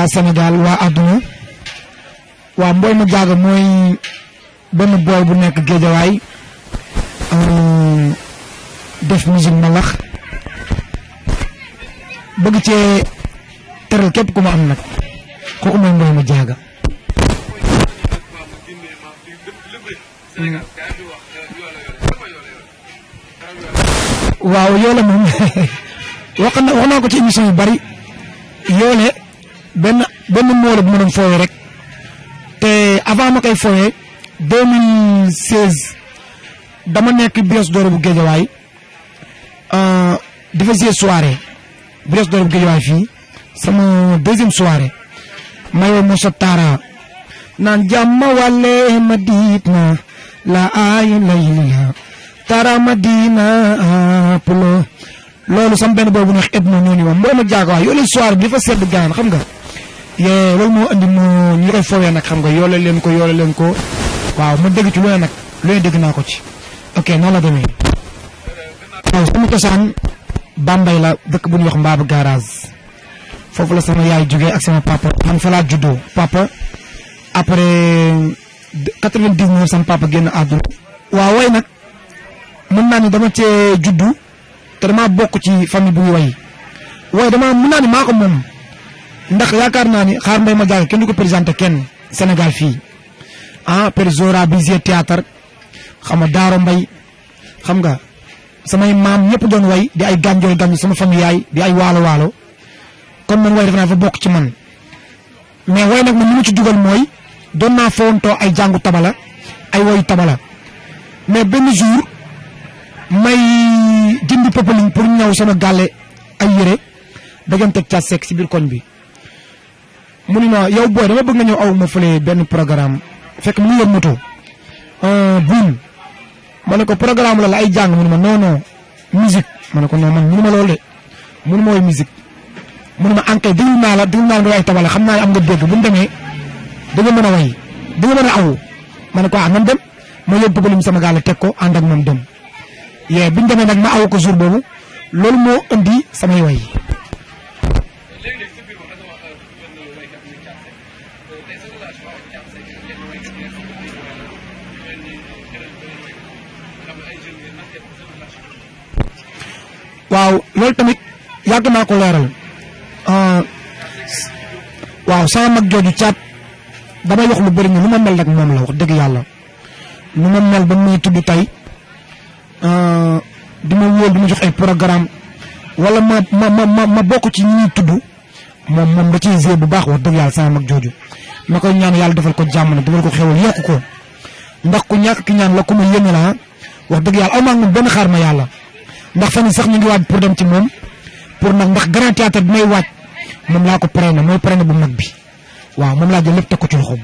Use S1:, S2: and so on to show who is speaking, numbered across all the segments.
S1: waa Sénégal waa àdduna waa Mboye Madiaga mooy benn booy bu nekk géejawaay def musique mbalax bëgg cee teral képp ku am nag kooku mooy Mboye Madiaga waaw yoole moom wax naa ko ci émission yu bari yoole benn benn moo la bu ma doon fooyee rek te avant ma koy fooyee 2016 dama nekk Brioche Dorée bu Géejawaay euh, di fa siy soirée Brioche Dorée bu Géejawaay fii sama deuxième soirée ma Moussa Tara naan jàmm wàlle ma diit na la ay layli la Tara Madina Pulo loolu sama benn boobu neex eb na ñoo ni moom mbooy ma jaago waay yoo leen soirée bi dafa sedd gaan xam nga yee loolu moo andi mu ñu koy fowee nag xam nga yoole leen ko yoole leen ko waaw ma dégg ci lu nag lu dégg naa ko ci ok noonu la demee waaw sama cosaan Bambey la dëkk bu ñuy wax Mbaabu garage foofu la sama yaay jógee ak sama papa man fa laa juddoo papa après 99 sama papa génn àdduna waaw way nag mën naa ni dama cee juddu te damaa bokk ci famille bu ñu way waaye dama naa ni maa ko moom ndax yaakaar naa ni xaar mbay ma jaaga kenn du ko présenté kenn Sénégal fii ah per Zora Bizet théâtre xam nga Daaro Mbay xam nga samay maam ñëpp doon way di ay gànjool gànjool sama famille yaay di ay waalo waalo kon man way def naa fa bokk ci man mais way nag man li ma ci dugal mooy doon naa fowantoo ay jàngu tabala ay woyu tabala mais benn jour may jëndi popeline pour ñëw sama gàlle ay yére dagante ca sekk si biir koñ bi mu yow boy dama bëgg nga ñëw aw ma fële benn programme fekk mu yëm moto euh ma mané ko programme la la ay jàng mu non non musique mané ko non man munima ma loolu de mënu ma musique munima ni dëgg ankay naa la dëgg naa la nga ay tabala xam naa am nga dégg bu mu demee da nga mën a way da nga mën a aw ma ko ah nan dem ma yóbbu bëgg sama gaal teg ko ànd ak moom dem yee bi ñu demee nag ma aw ko jour boobu loolu moo indi samay way waaw loolu tamit yàgg naa ko leeral euh, waaw sama mag jooju caat damay wax lu bëri ni lu ma mel nag moom la wax dëgg yàlla lu ma mel ba mu ngi tudd tey euh, di ma wóor di ma jox ay programme wala ma ma ma ma bokk ci ñi tudd moom moom da ciy zéé bu baax wax dëgg yàlla sama mag jooju ma koy ñaan yàlla defal ko jàmm na defal ko xewal yokku ko ndax ku ñàkk ki ñaan la ku ma wax deug yalla amang ben benn xaar ma yàlla ndax fan sax ñu ngi waaj pour dem ci mom pour nak ndax grand théâtre bi may waaj mom la ko pare moy mooy bu mag bi waaw mom la jël lepp teg ci loxoom.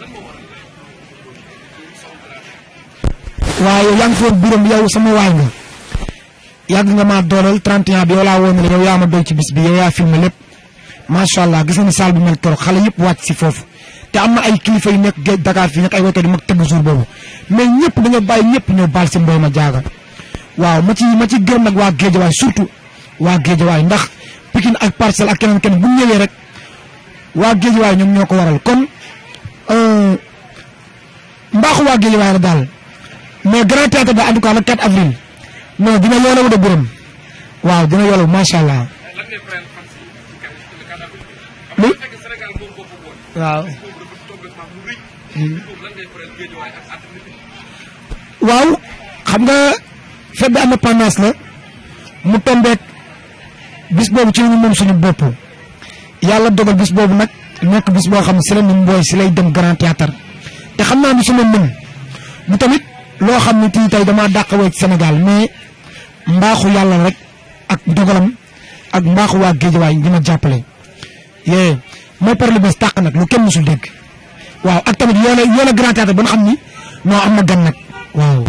S1: lan moo waaye yaa ngi foon biram yow sama waay nga yàgg nga maa doolal 31 bi yow laa woon ne yow yaa ma doy ci bis bi yow yaa filmé lépp macha allah gis nga bi mel trop xale yëpp wàcc si foofu te am na ay kilifa yu nekk géej Dakar fii nekk ay woykat yu mag tëgg jour boobu mais ñëpp dañoo bàyyi ñëpp ñoo baal si mbooy ma jaaga waaw ma ci ma ci gërëm nag waa géejawaay surtout waa géejawaay ndax Pikine ak Parcelles ak keneen keneen bu ñëwee rek waa géejawaay ñoom ñoo ko waral kon euh, mbax waa Guédiawaye la dal mais grand théâtre ba en tout cas le 4 avril non dina yolo yoolawu de borom waaw dina yolo ma sha allah. li waaw. waaw xam nga fête de pendance la mu tombe bis bobu ci ñu mom suñu bop yalla dogal bis bobu nak nek bis bo xam ci la ñu boy ci lay dem grand théâtre te xam naa ni suma ma mën tamit loo xam ne tii tey damaa dàqawee ci Sénégal mais mbaaxu yàlla rek ak dogalam ak mbaaxu waa géejawaay ñi ma jàppale yee mooy par lu tàq nag lu kenn musul dégg waaw ak tamit yoo la grand théâtre ba nga xam ni noo am na gan nag waaw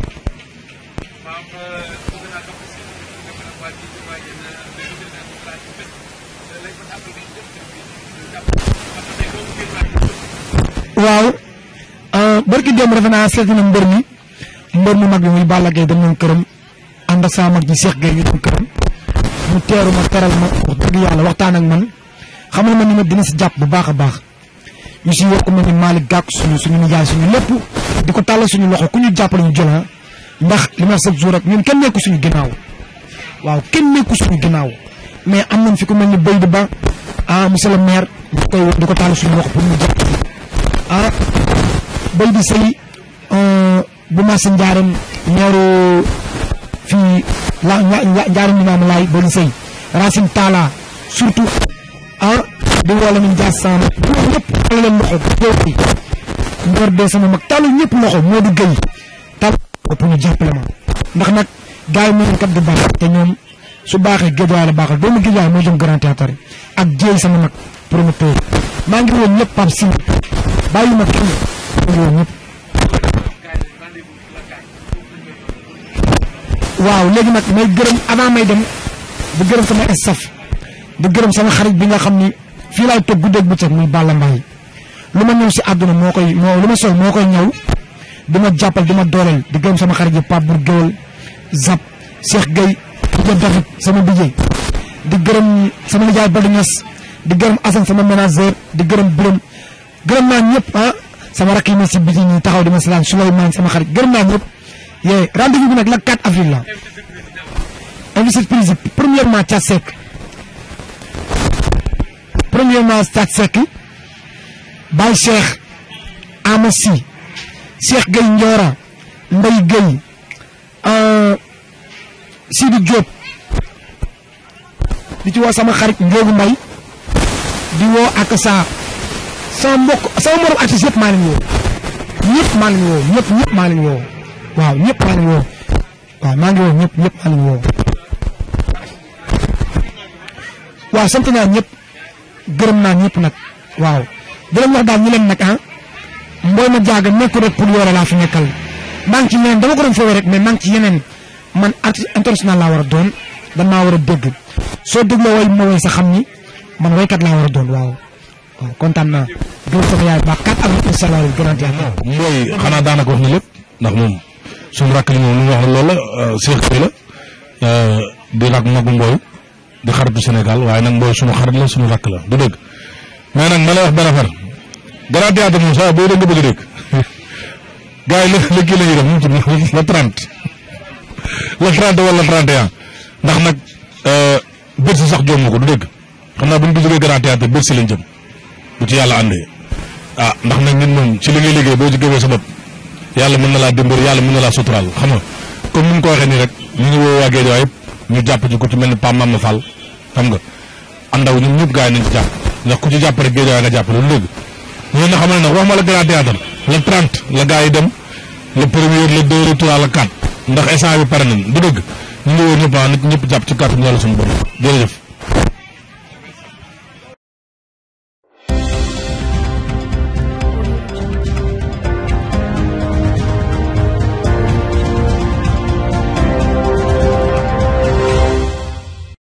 S1: barki démb defe naa seeti na mbër mi mbër mu mag bi muy Balla Gaye dem nañ këram ànd ak sama mag ji Cheikh Gueye ñu dem këram mu teeru ma teral yàlla waxtaan ak man xamal ma ni ma dina si jàpp bu baax a baax ñu si woo ko ma ni Malick Gakou suñu suñu nijaay suñu lépp di ko tàll suñu loxo ku ñu jàppale ñu jël ah. ndax li ma wax chaque jour rek ñun kenn nekku suñu ginnaaw waaw kenn nekku suñu ginnaaw mais am nañ fi ku mel ni béy di ba ah monsieur le maire ñu koy di ko tàllal suñu loxo bay di sëy euh, bu ma sen jaram ñeeru fi la jaram limaam laay ba di sey rasim tala surtout a di wala min jaar sama ñoom ñëpp tàllal ko fi ngor de sama mag tàllal ñëpp loxo moo geul tal ko pour ñu jàppale ma ndax nak gaay yi kat du baax te ñoom su baaxee géejawaay la do mu géejawaay mo jëm grand théâtre ak jéey sama mak promoteur ma ngi woon ñëpp par si bayima kenn waaw léegi nag may gërëm avant may dem di gërëm sama staff di gërëm sama xarit bi nga xam ni fii laay toog bu bëccëg muy Balla lu ma ñëw si àdduna moo koy moo lu ma sol moo koy ñëw di ma jàppal di ma dooleel di gërëm sama xarit yi Pape Bour Géwal Zap Cheikh Gueye Koudia David sama bijee di gërëm sama nijaay Badou Niass di gërëm Assane sama manager di gërëm Birame gërëm naa ñëpp ah, sama rakki ma ci bidini taxaw di ma salam sulayman sama xarit gërëm na ñëpp yee rendez-vous bi nak le 4 avril la invité surprise yi premièrement Thiat Seck premièrement Thiat sec eh? Baye Cheikh Amassi Cheikh gey Ndiora mbay gey euh Sidi Diop di ci woo sama xarit ngeug mbay di wo ak Sarr sama mbokk sama morom artiste yëpp maa leen woo ñëpp maa leen woo ñëpp waaw ñëpp maa leen woo waaw ñëpp ñëpp maa leen woo waaw sant naa ñëpp gërëm naa ñëpp nag waaw di leen wax daal ñu leen nag ah mbooy ma jaaga nekkul rek pour yore laa fi nekkal maa ngi ci yeneen dama ko doon foowee rek mais nang ngi ci yeneen man artiste international laa war a doon damaa war a dégg soo dégloo way ma way sa xam ni man waykat laa war a doon waaw kontan kontaan naa Dóor yaay ba quatre ans incha allah gën a jaaxal.
S2: mooy xanaa daanaka wax na lépp ndax moom suñu rakk li moom ñu wax loolu la Cheikh Gueye la di rakk nagu Mboy di xaritu Sénégal waaye nag Mboy suñu xarit la suñu rakk la du dëgg mais nag ma lay wax benn affaire grand bëgg la la ci 30 la 30 wala 31 ndax sax ko du grand jëm bu ci ah ndax nag nit moom ci li ngay liggéey boo ci gëmee sa bopp yàlla mën na laa dimbali yàlla mën na xam nga comme mu ko waxee nii rek ñu ngi woo waa Géejawaay yëpp ñu jàpp ci ku ci mel ni Pam Mama Fall xam nga àndaw ñun ñëpp gars nañ ci ndax ku ci rek nga na xam ne wax ma la grand théâtre le 30 la dem le premier le deux le trois le quatre ndax instant bi pare nañ du dëgg ñu ngi woo ñëpp ah jërëjëf